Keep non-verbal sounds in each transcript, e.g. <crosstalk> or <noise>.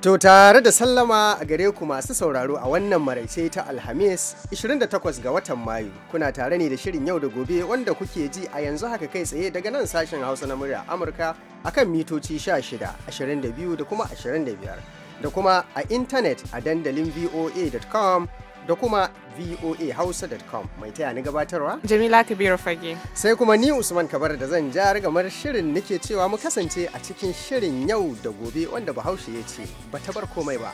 To tare da sallama a gare ku masu sauraro a wannan maraice ta Alhamis 28 ga watan Mayu kuna tare ne da shirin yau da gobe wanda kuke ji a yanzu haka kai tsaye daga nan sashen Hausa na murya Amurka akan mitoci 16, 22 da kuma 25 da kuma a intanet a dandalin voa.com da kuma voa hausa.com mai taya ni gabatarwa jamila kabiru fage sai kuma ni usman kabar da zan ja rigamar shirin nake cewa mu kasance a cikin shirin yau da gobe wanda bahaushe ya ce ba ta bar komai ba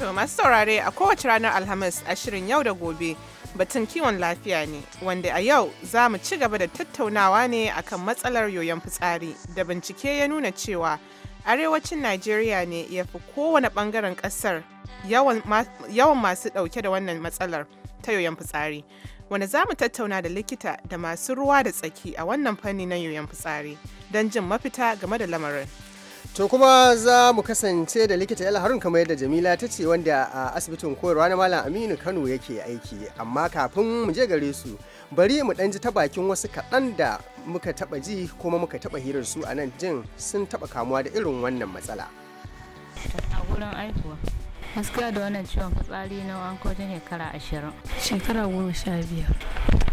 To masu saurare a kowace ranar Alhamis a shirin yau da gobe batun kiwon lafiya ne wanda a yau za mu ci gaba da tattaunawa ne akan matsalar yoyon fitsari da bincike ya nuna cewa arewacin najeriya ne ya fi kowane bangaren kasar yawan masu dauke da wannan matsalar ta yoyon fitsari wanda za mu tattauna da likita da masu ruwa da tsaki a wannan fanni na yoyon fitsari don jin mafita game da lamarin. To kuma za mu kasance da likita Yala Harun kamar yadda Jamila ta ce wanda a asibitin koyarwa na Malam Aminu Kano yake aiki amma kafin mu je gare su bari mu ɗan ji ta bakin wasu kaɗan da muka taɓa ji kuma muka taɓa hirar su a nan jin sun taɓa kamuwa da irin wannan matsala. gaskiya da wannan ciwon fitsari na an kojin shekara ashirin shekara goma sha biyar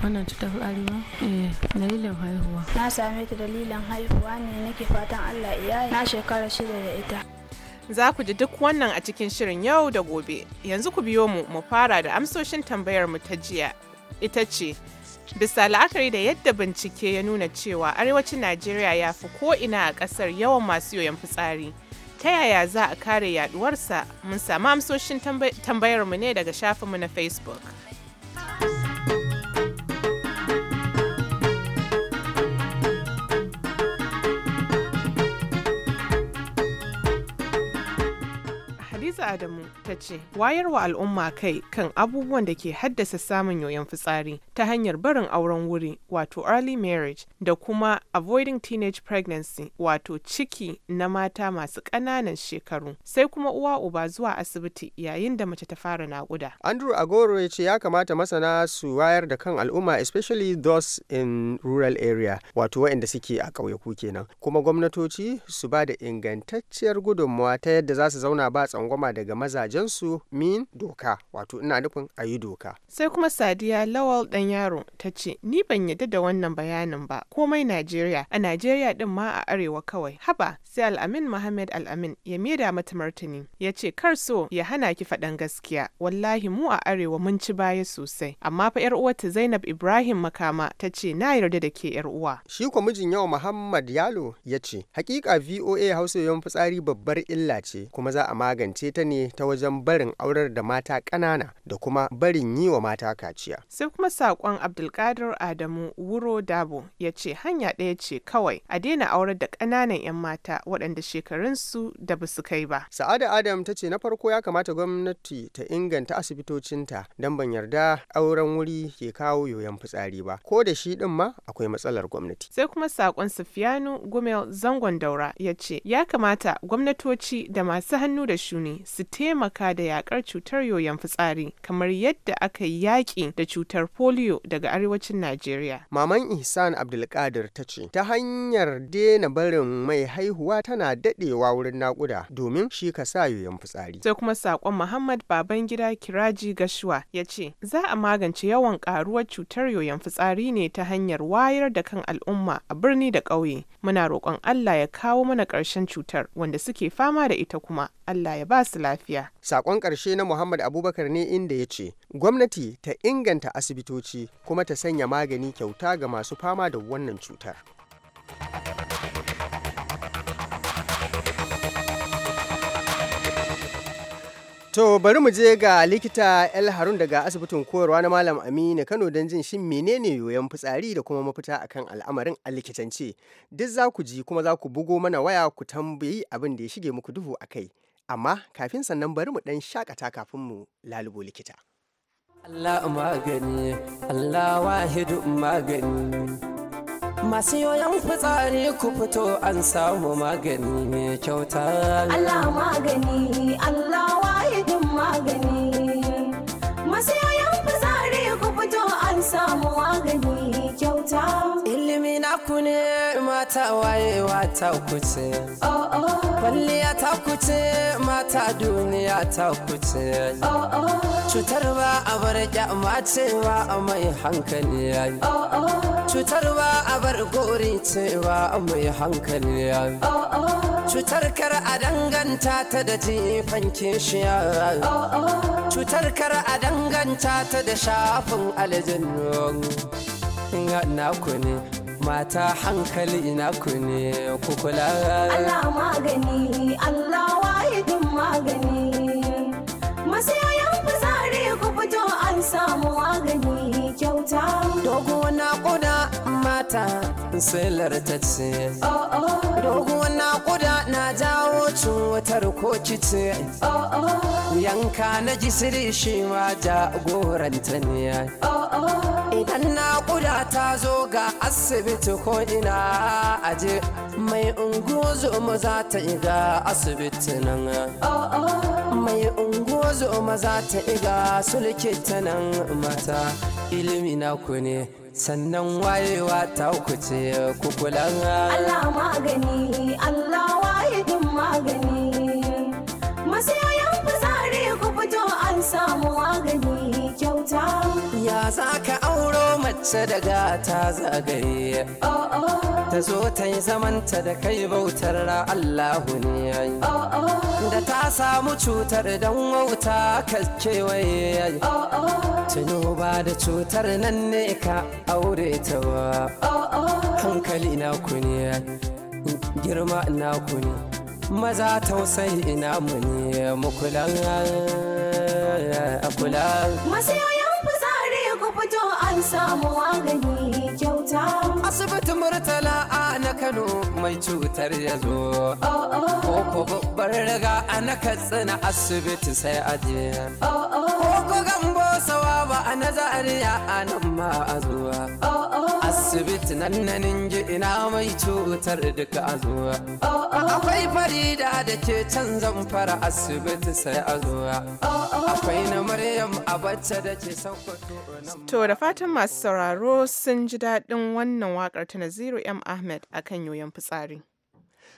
wannan cutar fitsari ba eh dalilin haihuwa na same ta dalilin haihuwa ne nake fatan allah iyaye na shekara shida da ita za ku ji duk wannan a cikin shirin yau da gobe yanzu ku biyo mu mu fara da amsoshin tambayar mu ta jiya ita ce bisa la'akari da yadda bincike ya nuna cewa arewacin najeriya ya fi ko ina a kasar yawan masu yoyon fitsari ta yaya za a kare yaduwarsa mun samu amsoshin tambayarmu ne daga shafinmu na facebook Adamu ta ce wayarwa al'umma kai kan abubuwan da ke haddasa samun yoyon fitsari ta hanyar barin auren wuri wato early marriage da kuma avoiding teenage pregnancy wato ciki na mata masu ƙananan shekaru sai kuma uwa uba zuwa asibiti yayin da mace ta fara naƙuda. Andrew Agoro ya ce ya kamata masana su wayar da kan al'umma especially those in rural area wato waɗanda suke a ƙauyaku kenan kuma gwamnatoci su ba da ingantacciyar gudunmawa ta yadda za su zauna ba tsangwama daga mazajensu min doka wato ina nufin a yi doka. Sai kuma Sadiya Lawal dan yaro ta ce ni ban yadda da wannan bayanin ba komai Najeriya a Najeriya din ma a arewa kawai haba sai Al'amin Muhammad Al'amin ya maida mata martani ya ce kar so ya hana ki faɗan gaskiya wallahi mu a arewa mun ci baya sosai amma fa yar uwarta Zainab Ibrahim Makama ta ce na yarda da ke yar uwa. Shi ko mijin yawa Muhammad Yalo ya ce hakika VOA Hausa yawan fitsari babbar illa ce kuma za a magance ta ne ta wajen barin aurar da mata ƙanana da kuma barin yi wa mata kaciya. Sai kuma saƙon Abdulkadir Adamu Wuro Dabo ya ce hanya ɗaya ce kawai a daina aurar da ƙananan 'yan mata waɗanda shekarunsu da ba su kai ba. Sa'ada Adam ta ce na farko ya kamata gwamnati ta inganta asibitocinta don ban yarda auren wuri ke kawo yoyon fitsari ba. Ko da shi ɗin ma akwai matsalar gwamnati. Sai kuma saƙon Sufiyanu Gumel Zangon Daura ya ce ya kamata gwamnatoci da masu hannu da shuni su taimaka da yakar cutar yoyon fitsari kamar yadda aka yi yaƙi da cutar polio daga arewacin Najeriya. Maman Ihsan Abdulkadir ta ce, ta hanyar daina barin mai haihuwa tana daɗewa wurin naƙuda domin shi ka sa yoyon fitsari. Sai kuma saƙon Muhammad Babangida Kiraji Gashuwa ya ce, za a magance yawan ƙaruwar cutar yoyon fitsari ne ta hanyar wayar da kan al'umma a birni da ƙauye. Muna roƙon Allah ya kawo mana ƙarshen cutar wanda suke fama da ita kuma Allah ya ba su lafiya. Sakon ƙarshe na Muhammad Abubakar ne inda ya ce, gwamnati ta inganta asibitoci kuma ta sanya magani kyauta ga masu fama da wannan cutar. To bari mu je ga likita El Harun daga asibitin koyarwa na Malam Aminu Kano don jin shin menene yoyon fitsari da kuma mafita akan al'amarin a likitance. Duk za ku ji kuma za ku bugo mana waya ku tambayi abin da ya shige muku duhu a kai. amma kafin sannan bari mu ɗan shakata kafin mu lalubo likita. Allah magani, Allah wahidu magani. Masu yoyon fitsari ku fito an samu magani mai kyauta. Allah magani, Allah wahidu magani. Masu yoyon fitsari ku fito an samu magani. ilimi na ku ne mata wayewa ta kuce kwalliya ta kuce mata duniya ta kuce cutar ba a bar kyama cewa a mai hankali ya yi cutar ba a bar gori cewa a mai hankali ya yi cutar kar a danganta ta da jifan yi cutar kar a danganta ta da shafin aljannu. ku ne mata hankali ina ku ne kukula Allah magani Allah wahidin magani masayayan fitsari ku fito an samu magani kyauta dogo na koda mata silar ta ce oh, oh. doguwar naƙuda na jawo cutar ko kice oh, yanka na jisiri shi ma jagoranta ne idan naƙuda ta zo ga asibiti ko ina aje mai unguzo za ta iga asibiti nan mai unguzo za ta iga ta nan mata ilimi na ku ne sannan wayewa ta kuce kukulan Allah magani Allah wahidin magani masayayan fitsari ku fito an samu magani kyauta ya zaka sadaka ta zagaye ta zo ta yi zamanta da kai bautar Allahu ne yayi da ta samu cutar dan wauta ka kewaye yayi tuno ba da cutar nan ne ka aure ta wa hankali na ku ne girma na ku ne maza tausayi ina mu ne mu kula a kula an samu magani kyauta. Asibitin Murtala a na Kano mai cutar ya zo. Koko oh, oh. babbar riga a na Katsina asibiti sai aje. Koko oh, gambo sawa ba a na a nan ma a zuwa. asibiti nan nan ina mai cutar duka a zuwa akwai farida da ke can fara asibiti sai a zuwa akwai na maryam abacce da ke sakkwato to da fatan masu sauraro sun ji daɗin wannan waƙar ta naziru m ahmed akan yoyon fitsari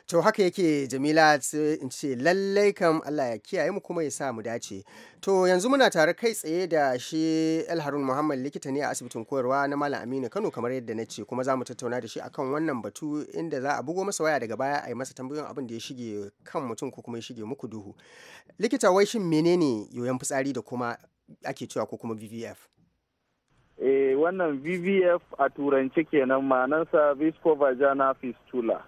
to haka yake jamila in ce lallai kam allah ya kiyaye mu kuma ya sa mu dace to yanzu muna tare kai tsaye da shi harun muhammad likita ne a asibitin koyarwa na malam aminu kano kamar yadda na ce kuma za mu tattauna da shi akan wannan batu inda za a bugo masa waya daga baya a yi masa tambayoyin abin da ya shige kan mutum ko kuma ya shige muku duhu likita wai shin menene yoyon fitsari da kuma ake cewa ko kuma vvf eh wannan vvf a turance kenan ma'anarsa viscovaginal fistula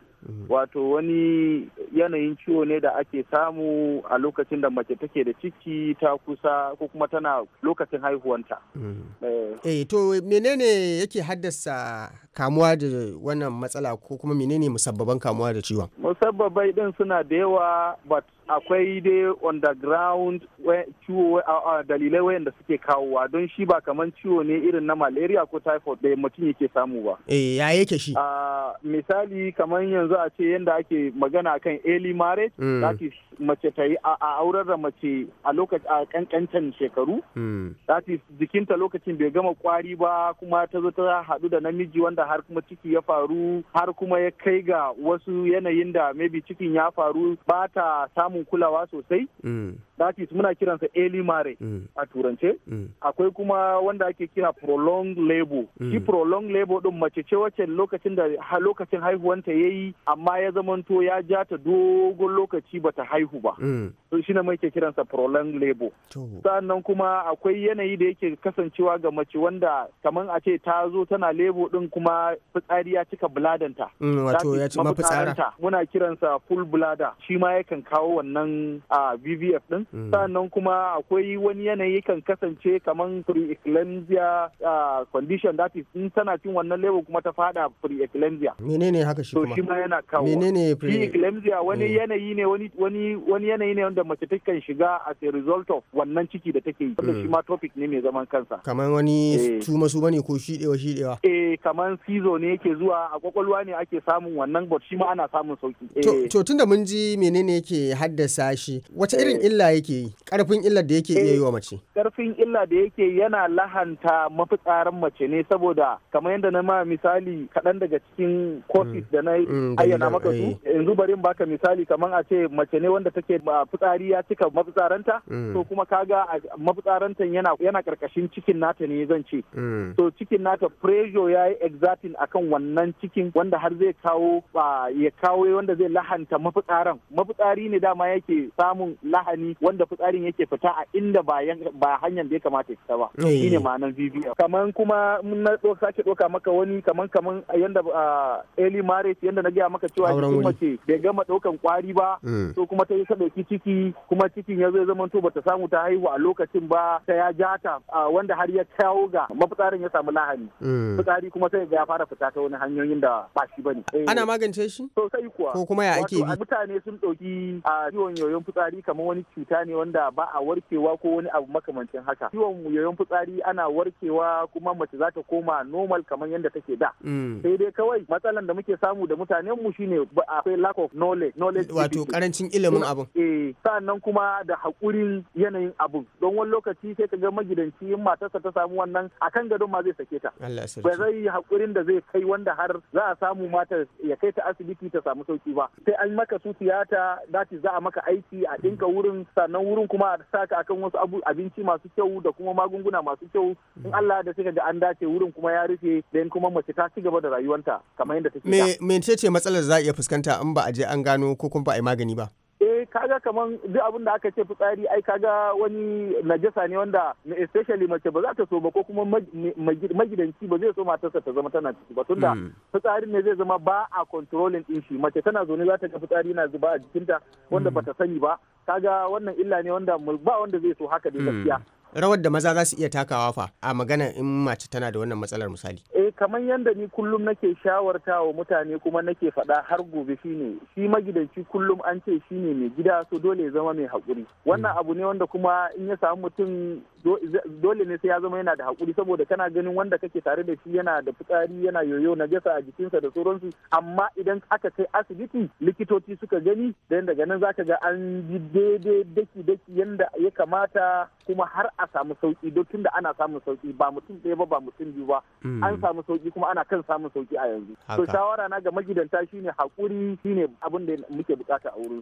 wato wani yanayin ciwo ne da ake samu a lokacin da mace take da ciki ta kusa ko kuma tana lokacin haihuwanta. Mm. Eh. eh to menene yake haddasa kamuwa da wannan matsala ko kuma menene musabbaban kamuwa da ciwon? Musabbabai din suna da yawa but akwai dai underground ciwo a dalilai wayanda suke kawowa don shi ba kamar ciwo ne irin na malaria ko typhoid da mutum yake samu ba. Eh ya yake shi? misali kamar yanzu a ce yanda ake magana kan early marriage hmm. za mace ta yi a aurar da mace a lokacin a kankancan shekaru that hmm. is jikinta lokacin bai gama kwari ba kuma ta zo ta haɗu da namiji wanda har kuma ciki ya faru har kuma ya kai ga wasu yanayin da maybe cikin ya faru ba ta samun samun kulawa sosai mm. Datis is muna kiransa early mare mm. a turance mm. akwai kuma wanda ake kira Prolong labor mm. shi prolonged labor din mace ce wacce lokacin da lokacin haihuwanta yayi amma ya zamanto ya ja ta dogon lokaci bata haihu ba to shi ne muke kiransa prolonged labor sannan kuma akwai yanayi da yake kasancewa ga mace wanda kaman a ce ta zo tana lebo din kuma fitsari ya cika bladanta. wato ya ci muna kiransa full bladder shi ma yakan kawo wannan ah, VVF din Mm. sannan kuma akwai wani yanayi kan kasance kamar pre-eclampsia condition that is in tana cin wannan lebo kuma ta fada pre-eclampsia menene haka shi kuma to shi ma yana kawo menene pre-eclampsia wani mm. yanayi ne wani wani wani yanayi ne wanda mace take shiga as a result of wannan ciki da take yi wanda mm. shi ma topic ne mai zaman kansa kamar wani tuma eh. su bane ko shi shidewa eh kamar sizo ne yake zuwa a kwakwalwa ne ake samun wannan but shi ma ana samun sauki eh. to tunda mun ji menene yake haddasa shi wata irin eh. illa yake yi karfin illar da yake iya yi wa eh, mace karfin illa da yake yana lahanta mafitsarin mace ne saboda kamar yadda na ma misali kaɗan daga cikin kofis mm. da na mm, ayyana maka su eh. yanzu bari baka misali kamar a ce mace ne wanda take fitsari ya cika mafitsaranta mm. to kuma kaga mafitsarantan yana yana karkashin cikin nata ne zan ce to cikin nata pressure ya yi exerting akan wannan cikin wanda har zai kawo ya kawo wanda zai lahanta mafitsaran mafitsari ne dama yake samun lahani wanda fitsarin yake fita a inda ba hanyar da ya kamata ya fita ba eh. ne ma'anar VVF kamar kuma na sake doka maka wani kamar kaman yanda ah, eli yanda na gaya maka cewa kuma ce bai gama ɗaukan kwari ba so eh. kuma ta yi ta dauki ciki kuma cikin ya zai zama to ta samu ta haihu a lokacin ba ta ya ja ta wanda har ya kawo ga mafitsarin ya samu lahani eh. fitsari kuma sai ya fara fita ta wani hanyoyin da ba shi bane ana magance shi sosai kuwa ko kuma ya ake bi mutane sun ɗauki a ah, ciwon yoyon fitsari kamar wani cuta cuta ne wanda ba a warkewa ko wani abu makamancin haka ciwon yoyon fitsari ana warkewa kuma mace za ta koma normal kamar yadda take da mm. sai dai kawai matsalan da muke samu da mutanen mu shine akwai lack of knowledge knowledge wato karancin ilimin abun eh sannan kuma da hakurin yanayin abu. don wani lokaci sai ka ga magidanci in matarsa ta samu wannan akan gado ma zai sake ta ba zai yi hakurin da zai kai wanda har za a samu mata ya kai ta asibiti ta samu sauki ba sai an maka su tiyata za za a maka aiki a dinka wurin sannan wurin kuma a saka akan wasu abinci masu kyau da kuma magunguna masu kyau in mm. Allah da suka ga an dace wurin kuma ya rufe dan kuma mace ta ci gaba da rayuwanta kamar yadda take me me ce matsalar za a iya fuskanta in ba a je an gano ko kuma ba a yi magani ba eh kaga kaman duk abin da aka ce fitsari ai kaga wani najasa ne wanda especially mace ba za ta so ba ko kuma magidanci ba zai so matarsa ta zama tana ciki ba tunda mm. fitsari ne zai zama ba a controlling din shi mace tana zaune za ta ga fitsari na zuba a jikinta wanda mm. bata sani ba kaga wannan illa ne wanda ba wanda zai so haka da mm. gaskiya rawar da maza za su iya takawa fa a magana in mace tana da wannan matsalar misali eh kamar yadda ni kullum nake shawarta wa mutane kuma nake faɗa har gobe shine shi magidanci kullum an ce shi ne mai gida so dole ya zama mai haƙuri wannan abu ne wanda kuma in ya samu mutum dole ne sai ya zama yana da hakuri saboda kana ganin wanda kake tare da shi yana da fitsari yana yoyo na jasa a jikinsa da sauransu amma idan aka kai asibiti likitoci suka gani dan daga nan zaka ga an ji daidai daki daki yanda ya kamata kuma har a samu sauki duk tunda ana samun sauki ba mutum ɗaya ba ba mutum biyu ba hmm. an samu sauki kuma ana kan samun sauki a yanzu to shawara na ga magidanta shine hakuri shine abin da muke bukata a wurin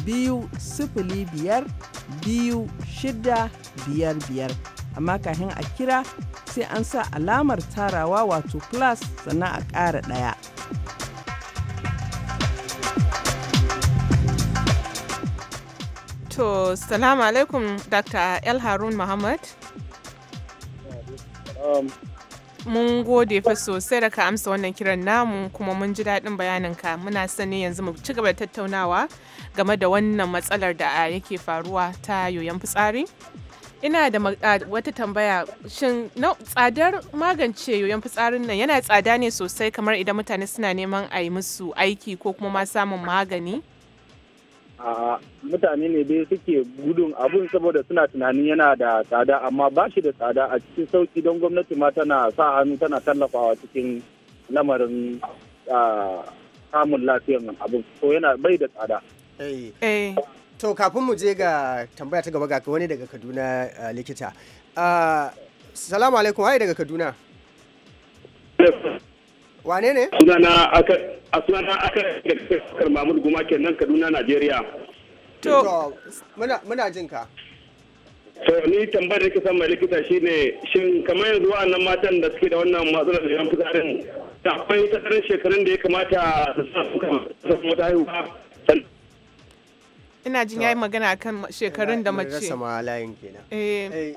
biyu sifili biyar biyu shida biyar biyar amma kafin a kira sai an sa alamar tarawa wato plus sannan a ƙara ɗaya. To, salamu alaikum Dr. El Harun Muhammad. mun gode fa sosai da ka amsa wannan kiran namu kuma mun ji daɗin bayaninka muna sani yanzu mu ci gaba da tattaunawa game da wannan matsalar da ah, yake faruwa ta yoyon fitsari? Ina da ah, wata tambaya shin na tsadar magance yoyon fitsarin nan yana tsada ne sosai kamar idan mutane suna neman a yi musu aiki ko kuma ma samun magani? a mutane ne dai suke gudun abun saboda suna tunanin yana da tsada amma ba shi da tsada a cikin sauki don gwamnati ma tana sa hannu tana tallafawa cikin lamarin ah, samun lafiyar abun so yana bai da tsada Eh. Eh. to kafin mu je ga tambaya ta gaba ga wani daga kaduna eh, likita salamu alaikum waye daga kaduna wane ne sunana aka a sunana aka daga mahmud guma kenan kaduna najeriya to muna jin ka to ni tambayar da kisan mai likita shine shin kamar yanzu wa'annan matan da suke da wannan masu da yan fitsarin da akwai tsarin shekarun da ya kamata su sa su kama su mata haihuwa ina jin yayi magana akan shekarun da mace rasa ma kenan eh. Eh.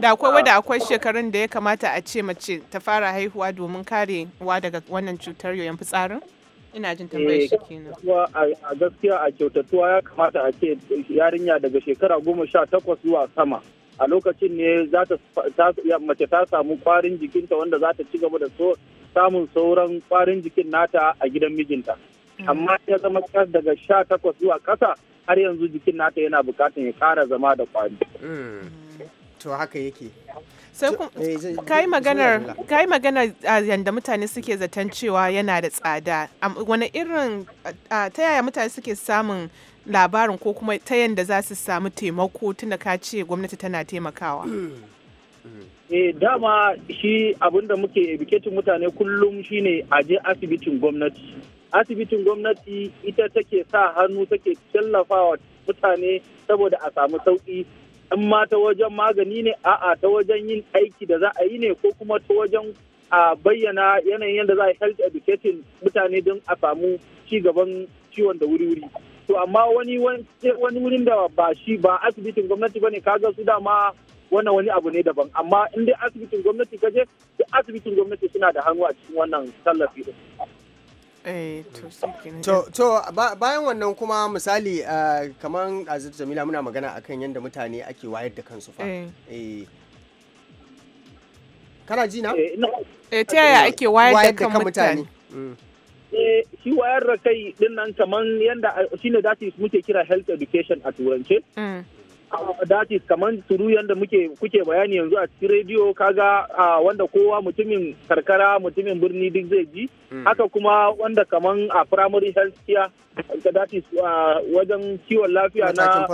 da akwai wanda akwai shekarun da ya kamata a ce mace ta fara haihuwa domin karewa daga wannan cutar yoyon fitsarin ina jin tambayar shi eh, kenan a gaskiya a kyautatuwa ya kamata a ce yarinya daga shekara goma sha takwas zuwa sama a lokacin ne za ta mace ta samu kwarin jikinta wanda za ta ci gaba da so samun sauran kwarin jikin nata a gidan mijinta mm. amma ya zama daga sha takwas zuwa kasa har yanzu jikin nata yana bukatan ya kara zama da kwari hmm. to haka yake sai kai eh, maganar kai ah, yanda mutane suke zaton cewa yana da tsada wani irin ah, ta yaya mutane suke samun labarin ko kuma ta yanda za su samu taimako tunda ka ce gwamnati tana taimakawa e dama shi abinda muke ebiketin mutane kullum shine a je asibitin gwamnati asibitin gwamnati ita take sa hannu take tallafawa mutane saboda a samu sauki in ma ta wajen magani ne a'a ta wajen yin aiki da za a yi ne ko kuma ta wajen a bayyana yanayin yadda za a health educating mutane don a samu ci gaban ciwon da wuri-wuri to amma wani wani wurin da ba shi ba asibitin gwamnati bane kaga su dama wannan wani abu ne daban amma in dai asibitin gwamnati kaje asibitin gwamnati suna da hannu a cikin wannan tallafi Eh, to bayan wannan kuma misali eh, kamar azir jamila muna magana akan yadda mutane ake wayar da kansu fa eh. kana ji na? eh ta yaya ake wayar da kan mutane mm. shi wayar da kai dinnan kamar yadda shine that muke kira health education a turance mm. dace uh, kamar turu yadda muke kuke bayani yanzu a cikin rediyo kaga uh, wanda kowa mutumin karkara mutumin birni duk zai ji hmm. haka kuma wanda kamar a primary health care ka uh, dace wajen kiwon lafiya na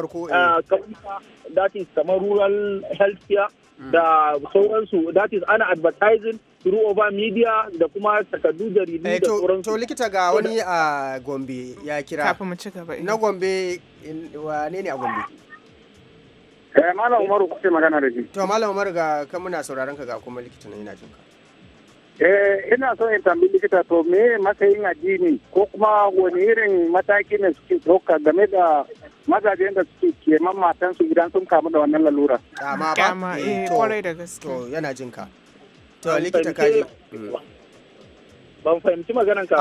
dace eh. kamar rural health care hmm. da sauransu dace ana advertising through over media da kuma takardu jaridu eh, da sauransu. To likita ga wani a Gombe ya kira. Kafin mu ci gaba. Eh. Na Gombe wane ne a Gombe? Eh, Malam Umaru kuke magana da shi. To Malam Umaru ga kan muna sauraron ka ga kuma likita ne yana jin ka. Eh ina so in tambayi likita to me matsayin addini ko kuma wani irin mataki ne suke ɗauka game da mazajen da suke keman matansu idan sun kamu da wannan lalura. Kama ba. Kama eh kwarai da gaske. To yana jin ka. To likita ka ji. ban fahimci maganan ka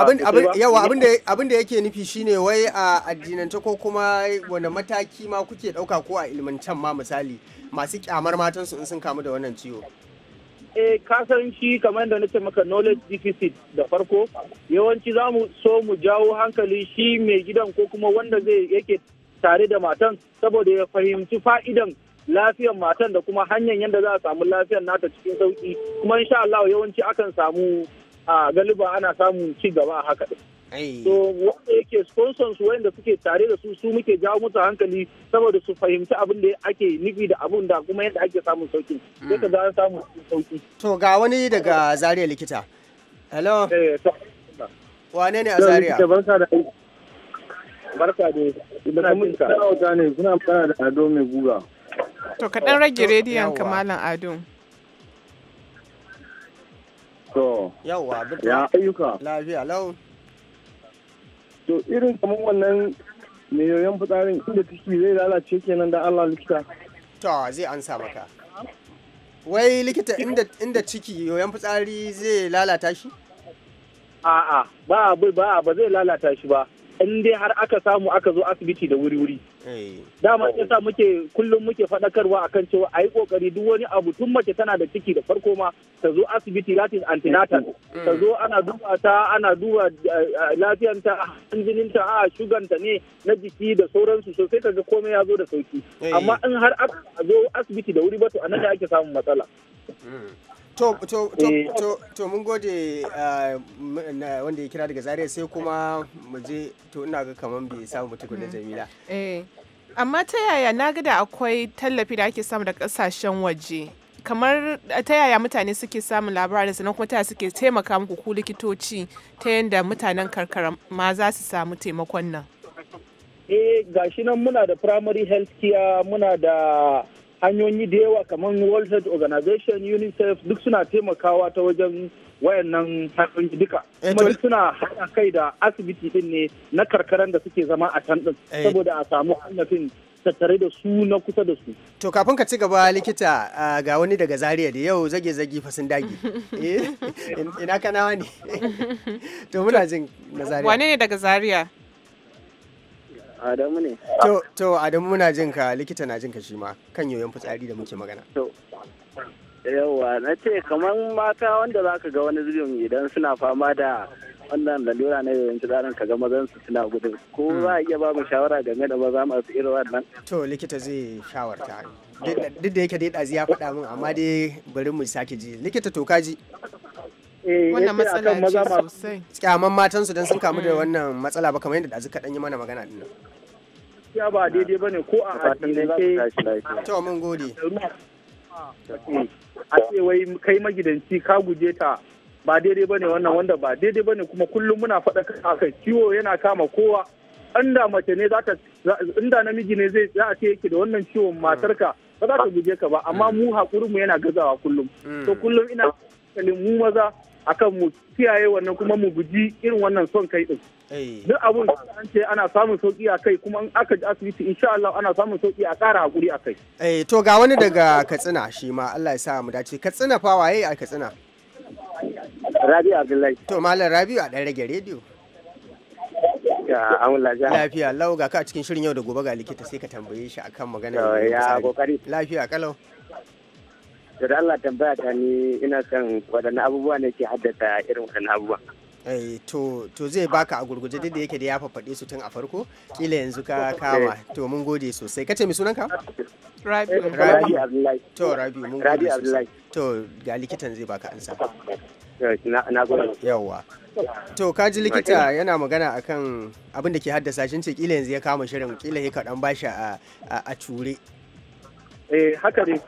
abin da yake nufi shine wai a addinance ko kuma wanda mataki ma kuke dauka ko a ilmantan ma misali masu kyamar matan su in sun kamu da wannan ciwo eh kasan shi kamar da nace maka knowledge deficit da farko yawanci za mu so mu jawo hankali shi mai gidan ko kuma wanda zai yake tare da matan saboda ya fahimci fa'idan lafiyar matan da kuma hanyar yadda za a samu lafiyar nata cikin sauki kuma insha Allah yawanci akan samu a galiba ana samun ci gaba a haka din. So wanda yake sponsors wanda suke tare da su su muke jawo musu hankali saboda su fahimci abin da ake nufi da abin da kuma yadda ake samun sauki. Sai ka ga samun sauki. To ga wani daga Zaria likita. Hello. Eh, Wane ne a Zaria? Barka da Ibrahim ka. Kuna magana da Ado mai guga. To ka dan rage rediyon ka Malam Ado. To. Yawwa, Ya ayyuka. Lafiya lau. To irin kamar wannan mai yoyon fitsarin inda ciki zai lalace kenan da Allah likita. To zai ansa maka. Wai likita inda ciki yoyon fitsari zai lalata shi? A'a, ba ba ba zai lalata shi ba. in dai har aka samu aka zo asibiti da wuri-wuri. Eh. Dama ya sa muke kullum muke faɗakarwa akan cewa a yi ƙoƙari duk wani abu tun mace tana da ciki da farko ma ta zo asibiti latin antenatal mm. ta zo ana duba ta ana duba eh, eh, lafiyanta ta a shuganta ne na jiki da sauransu sosai sai ga komai ya zo da sauki amma in har aka zo asibiti da wuri ba to anan da ake samun matsala. Mm. To, to eh. to to mun gode ah, wanda ya kira daga Zaria sai kuma mu je to ina ga kaman bai samu mutu da mm. Jamila. Eh. Amma ta yaya na ga da akwai tallafi da ake samu da kasashen waje. kamar ta yaya mutane suke samun labarin sannan kuma ta suke taimaka muku ku likitoci ta yadda mutanen karkara ma za su samu taimakon nan eh gashi nan muna da primary health care muna da hanyoyi da yawa kamar World Health Organization, UNICEF duk suna taimakawa ta wajen wayannan hanyoyi duka. Eh, Kuma duk suna haɗa kai da asibiti din ne na karkaran da suke zama a can din eh. saboda a samu hannafin tattare da su na kusa da su. To kafin ka ci gaba likita ga wani daga Zaria da yau zage zage fasin dagi. <laughs> Eh, ina kana ne. <laughs> To muna jin na Zaria. Wane ne daga Zaria? Adamu ne. To, to Adamu muna jin ka likita na jin ka shi ma kan yoyon fitsari da muke magana. To, yawa na ce kamar mata wanda za ka ga wani zubin idan suna fama da wannan lalura na yoyon fitsarin ka ga mazan su suna gudu ko hmm. za a iya ba mu shawara game da maza masu irin wannan. To likita zai shawarta. Duk da yake dai ɗazi ya faɗa min amma dai bari mu sake ji likita to kaji. ji. Eh, wannan matsala ce sosai kyaman matan su don sun kamu da mm. wannan matsala ba kamar yadda da kaɗan yi mana magana din nan ya ba daidai ba ne ko a addinance to mun gode a ce wai kai magidanci ka guje ta ba daidai ba ne wannan wanda ba daidai ba ne kuma kullum muna faɗa kai ciwo yana kama kowa inda mace ne za ta inda namiji ne zai za a ce yake da wannan ciwon mm. matarka ba za ta guje ka ba amma mu hakurinmu yana gazawa kullum mm. to kullum ina kalin mu maza akan mu kiyaye wannan kuma mu guji irin wannan son kai din eh. duk abun da an ce ana samun sauki a kai kuma aka ji asibiti insha Allah ana samun sauki a ƙara hakuri a kai eh to ga wani daga Katsina shi ma Allah ya sa mu dace Katsina fa waye a Katsina Rabi Abdullahi to malam Rabi a dan rage rediyo lafiya lau ga ka cikin shirin yau da gobe ga likita sai ka tambaye shi akan magana lafiya kalau to da Allah tambaya ta ni ina son waɗanne abubuwa ne ke haddasa irin waɗanne abubuwa eh, to to zai baka a gurguje duk da yake da ya faɗe su tun a farko kila yanzu ka eh. kama to mun gode sosai kace mi sunanka rabi rabi to rabi mun gode sosai to ga likitan zai baka ansa eh, yawa to kaji likita yana magana akan abin da ke haddasa shi ce kila yanzu ya kama shirin kila ya kaɗan bashi a a ture eh haka ne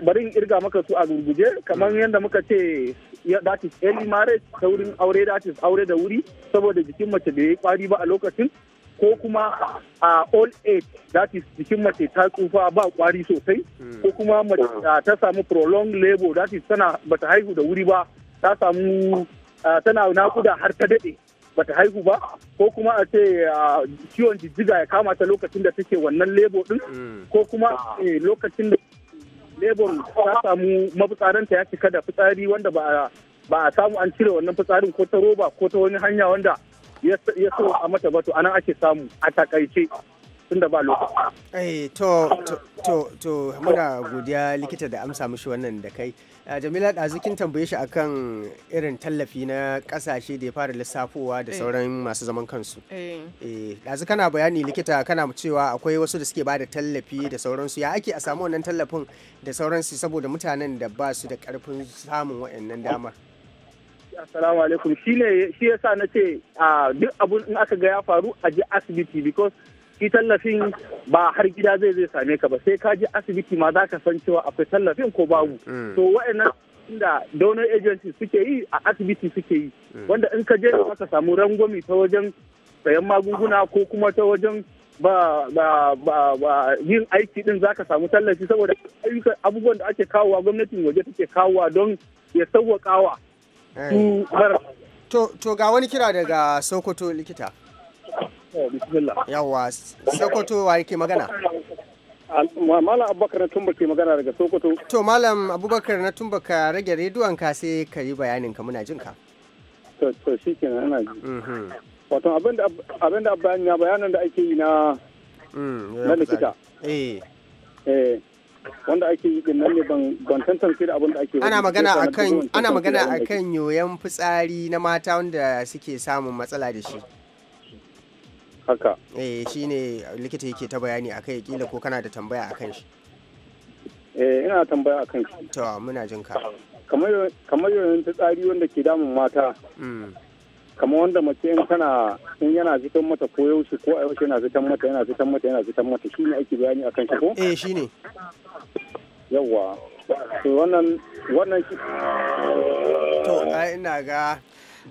bari in kirga maka su a gurguje kamar yadda muka ce ya is early marriage ta wurin aure dati aure da wuri saboda jikin mace da ya kwari ba a lokacin ko kuma a all age that jikin mace ta tsufa ba kwari sosai ko kuma ta samu prolonged labor that tana bata haihu da wuri ba ta samu tana nakuda har ta dade bata haihu ba ko kuma a ce ciwon jijjiga ya kama ta lokacin da take wannan lebo din mm. ko kuma eh, lokacin da lebur ta samu mafitsaranta ya cika da fitsari wanda ba a samu an cire wannan fitsarin ko ta roba ko ta wani hanya wanda ya so a mata ba to anan ake samu a takaice da ba lokaci. Eh, to to to muna godiya likita da amsa mishi wannan da kai. Ah, Jamila ɗazu kin tambaye shi akan irin tallafi na ƙasashe da ya fara lissafowa da eh. sauran masu zaman kansu. Eh. eh ɗazu kana bayani likita kana cewa akwai wasu da suke bada tallafi da sauransu ya ake a samu wannan tallafin da sauransu saboda mutanen da ba su da karfin samun waɗannan damar. Assalamu alaikum shi ne shi yasa na ce ah, duk abun in aka ga ya faru a je asibiti because shi tallafin ba har gida zai zai same ka ba sai ka je asibiti ma za ka san cewa akwai tallafin ko babu mm. to wa'annan da donor agency suke yi a asibiti suke yi mm. wanda in ka je ka samu rangwami ta wajen sayan magunguna ko kuma ta wajen ba ba ba ba yin aiki din zaka samu tallafi saboda ayyukan abubuwan da ake kawowa gwamnatin waje take kawowa don ya sauwaƙawa su to to ga wani kira daga Sokoto likita yawwa Sokoto wa yake magana? Malam Abubakar na Tumba ke magana daga Sokoto. To Malam Abubakar na Tumba ka rage rediyon ka sai ka yi bayanin ka muna jin ka. To to shikenan ana ji. Mhm. Wato abinda abinda na bayanan da ake yi na mm, na likita. Eh. Eh. Wanda ake yi din nan ne ban tantance da abin da ake Ana magana akan ana magana akan yoyon fitsari na mata wanda suke samun matsala da shi. haka eh shine likita yake ta bayani akai kila ko kana da tambaya akan shi eh ina tambaya akan shi to muna jin ka kamar kamar ta tsari wanda ke damun mata mm. kamar wanda mace in tana in yana fitan mata ko yaushe ko a yaushe yana fitan mata yana fitan mata yana fitan mata shine ake bayani akan shi ko eh shine yawa to wannan wannan shi to ai ina ga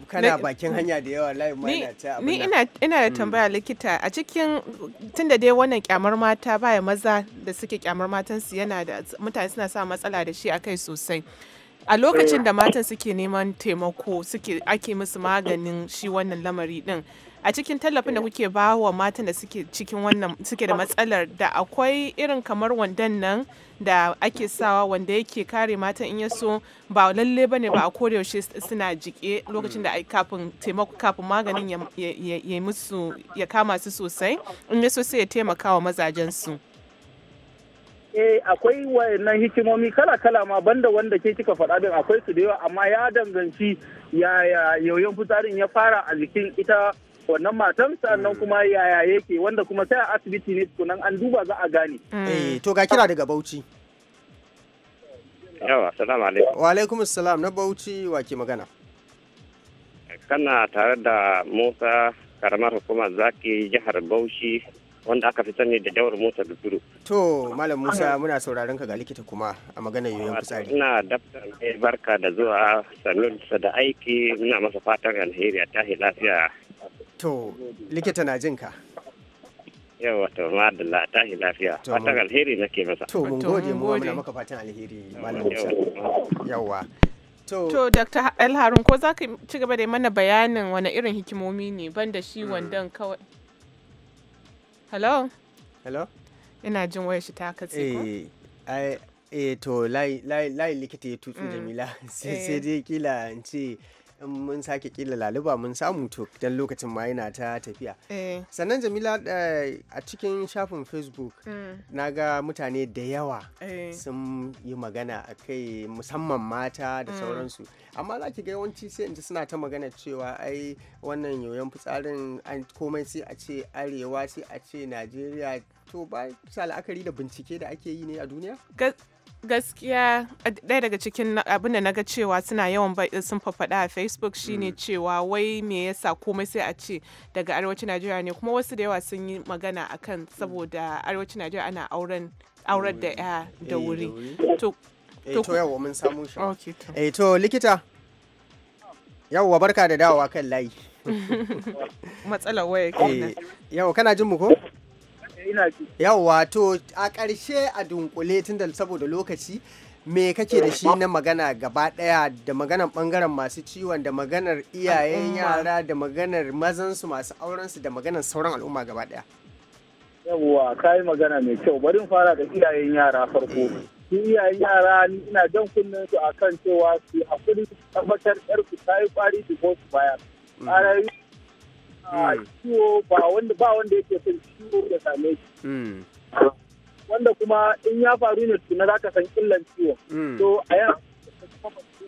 kana bakin hanya da yawa layin ma ta abin ni ina da mm. tambaya likita a cikin tunda dai wannan kyamar mata baya maza da suke kyamar matansu yana da mutane suna sa matsala da shi akai sosai a lokacin da matan suke neman taimako suke ake musu maganin shi wannan lamari din a cikin tallafin da eh. kuke ba wa matan da suke cikin wannan suke da matsalar da akwai irin kamar wandan nan da ake sawa wanda yake kare mata in yaso ba lalle bane ba a koda yaushe suna jike lokacin da kafin taimako kafin maganin ya musu ya kama su sosai in yaso sai ya taimaka wa mazajen su eh akwai wayannan hikimomi kala-kala ma banda wanda ke kika faɗa din akwai su da yawa amma ya danganci ya yoyon fitarin ya fara a jikin ita wannan matan sannan mm. kuma yaya yake wanda kuma sai a asibiti ne tukunan an duba za a gane. Mm. Eh, to ga kira daga Bauchi. Yawa, salam alaikum. Wa alaikum salam na Bauchi wa ke magana. Kana tare da Musa karamar hukumar zaki jihar Bauchi wanda aka fi sani da jawar Musa duturu. To, Malam Musa muna sauraron ka ga likita kuma a magana yoyon fitsari. Ina daftar barka da zuwa sa da aiki muna masa fatan alheri a tahi lafiya To, likita na jinka. Yawa to ta yi lafiya. Fatan alheri nake masa. To mun gode mu muna maka fatan alheri malam Yawa. To, to Dr. Alharun ko za ka ci gaba da mana bayanin wani irin hikimomi ne ban da shi hmm. wandan kawai. Hello? Hello? Ina jin waya shi ta katse ko? Eh, eh to layi likita ya tutsu hmm. Jamila <laughs> eh. sai dai kila in ce mun sake kila laluba mun samu to dan lokacin ma yana ta tafiya eh. sannan jamila eh, a cikin shafin facebook mm. na ga mutane da yawa eh. sun yi magana a kai musamman mata da mm. sauransu amma za ki ga yawanci sai in ji suna ta magana cewa ai wannan yoyon fitsarin komai sai a ce arewa sai a ce najeriya to ba sa la'akari da bincike da ake yi ne a duniya gaskiya ɗaya daga cikin abin da na ga cewa suna yawan sun fafaɗa a facebook shine mm. cewa wai me yasa komai sai a ce daga arewacin najeriya ne kuma wasu da yawa sun yi magana akan saboda mm. arewacin najeriya ana auren aurar da mm. ya da eh, wuri to eh, to yawa mun samu shi eh, to likita yawa barka da dawowa kan layi <laughs> matsalar waya kenan yawa kana jin mu ko Yau wato to a ƙarshe a dunkule tun da saboda lokaci me kake da shi na magana gaba ɗaya da maganar bangaren masu ciwon da maganar iyayen yara da maganar mazansu masu aurensu da maganar sauran al'umma gaba ɗaya. Yawwa ka yi magana mai kyau bari in fara da iyayen yara farko. Su iyayen yara ni ina jan kunnen su akan cewa su hakuri tabbatar ku ta yi kwari da su baya. Mm. Ah, hmm. ciwo ba wanda ba wanda yake son ciwo ya same shi hmm. wanda kuma in ya faru ne tuna za ka san illan ciwo to hmm. a yana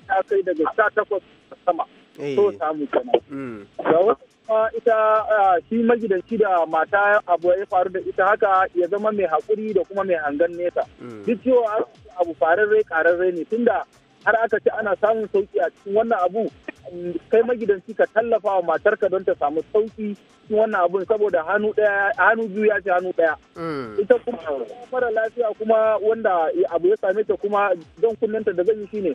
ta kai daga sha takwas sama eh. so samu kenan ga wata kuma ita ah, shi magidanci da mata abu ya faru da ita haka ya zama mai haƙuri da kuma mai hangen nesa duk cewa abu fararre ƙararre ne tunda har aka ce ana samun sauki a cikin wannan abu kai magidanci ka tallafa wa matarka don ta samu sauki cikin wannan abun saboda hannu daya hannu biyu ya ce hannu daya mm. ita kuma mara lafiya kuma wanda abu ya same ta kuma don kunnenta da zan yi shine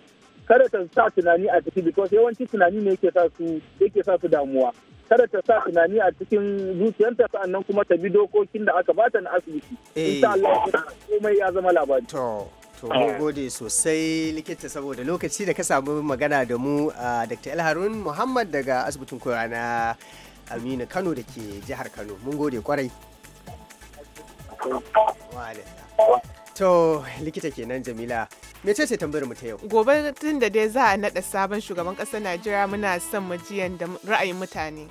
kada ta sa tunani a ciki because yawanci tunani ne yake sa su yake sa su damuwa kada ta sa tunani a cikin zuciyarta sa'annan kuma ta bi dokokin da aka bata na asibiti eh. insha Allah komai ya zama labari To ah. mun gode sosai likita saboda lokaci da ka samu magana da mu ah, Dr. El Muhammad daga asibitin koya na Aminu Kano da ke jihar Kano. Mun gode kwarai. To likita kenan Jamila, mece ce tambayar mu ta yau? Gobe tun da dai za a naɗa sabon shugaban ƙasar Najeriya muna son mu ji da ra'ayin mutane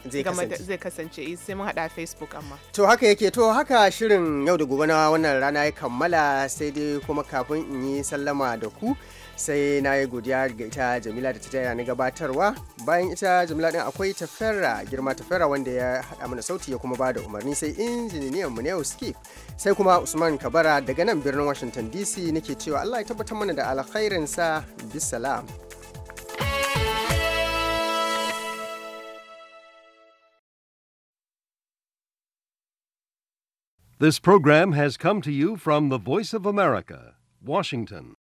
zai kasance eh, sai mun haɗa Facebook amma. To haka yake to haka shirin yau da gobe na wannan rana ya kammala sai dai kuma kafin in yi sallama da ku. sai na yi godiya ga ita jamila da ta taya ni gabatarwa bayan ita jamila din akwai tafera girma tafera wanda ya haɗa mana sauti ya kuma ba da umarni sai injiniyan mu yau skip sai kuma usman kabara daga nan birnin washington dc nake cewa allah ya tabbatar mana da alkhairinsa bisalam This program has come to you from the Voice of America, Washington.